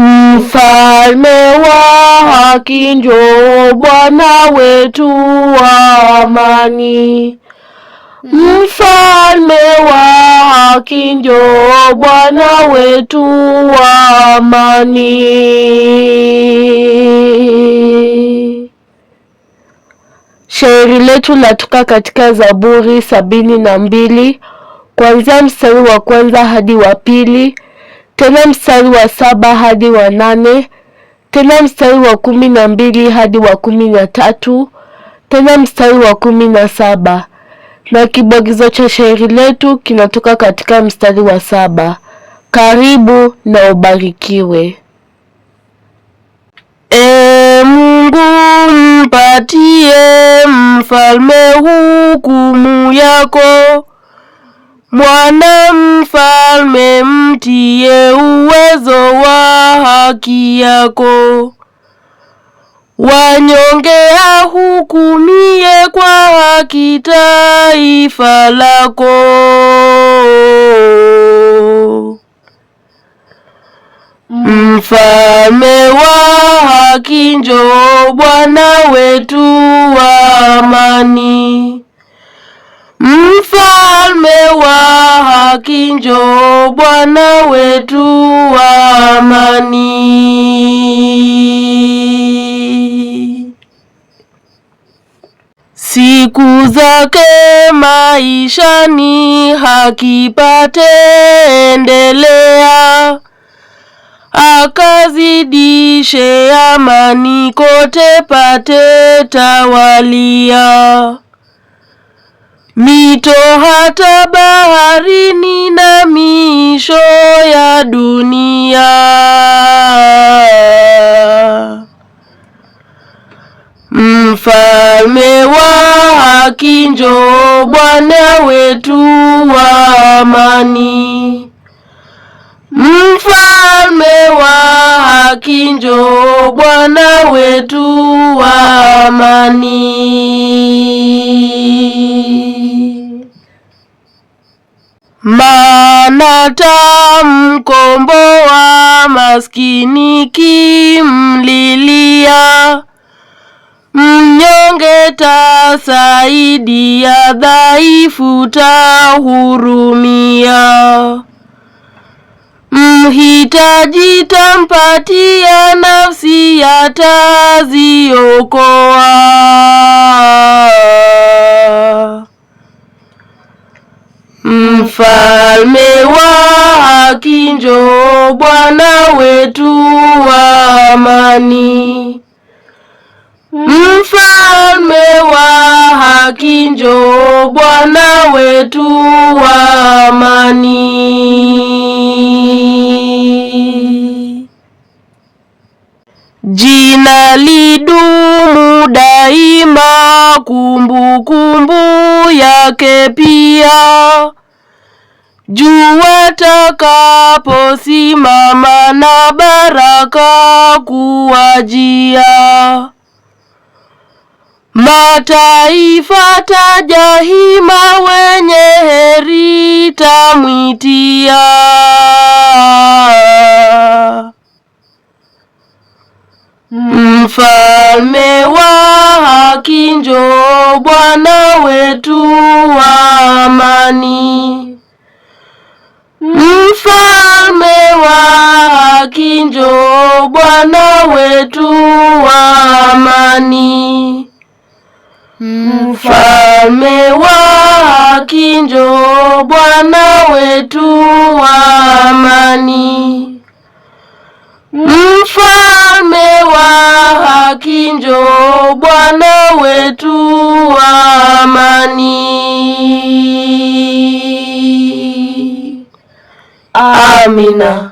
Mfalme wa haki, njoo Bwana wetu wa amani. Mfalme wa haki, njoo Bwana wetu wa amani. Shairi letu latoka katika Zaburi sabini na mbili kuanzia mstari wa kwanza hadi wa pili tena mstari wa saba hadi wa nane tena mstari wa kumi na mbili hadi wa kumi na tatu tena mstari wa kumi na saba na kibwagizo cha shairi letu kinatoka katika mstari wa saba. Karibu na ubarikiwe. E Mungu, mpatie mfalme hukumu yako Bwana mfalme, mtie uwezo wa haki yako, wanyonge ahukumie kwa haki taifa lako. Mfalme wa haki, njoo Bwana wetu wa amani, mfalme kinjo Bwana wetu wa amani. Siku zake maishani, haki pate endelea, akazidishe amani, kote pate tawalia. Mito hata baharini na miisho ya dunia, mfalme wa haki njoo, Bwana wetu wa amani. Mfalme wa haki njoo, Bwana wetu wa amani. Maana tamkomboa maskini kimlilia, mnyonge tasaidia, dhaifu tahurumia. Mhitaji tampatia, nafsi yataziokoa kinjo, Bwana wetu wa amani. Mfalme wa haki, njoo Bwana wetu wa amani. Jina lidumu daima, kumbukumbu kumbu yake pia Jua takaposimama na baraka kuwajia, mataifa hima wenye heri tamwitia. Mfalme wa haki, njoo Bwana wetu wa amani Mfalme wa haki, njoo Bwana wetu wa amani. Mfalme wa haki, njoo Bwana wetu wa amani. Mfalme wa haki, njoo Bwana wetu wa amani. Amina.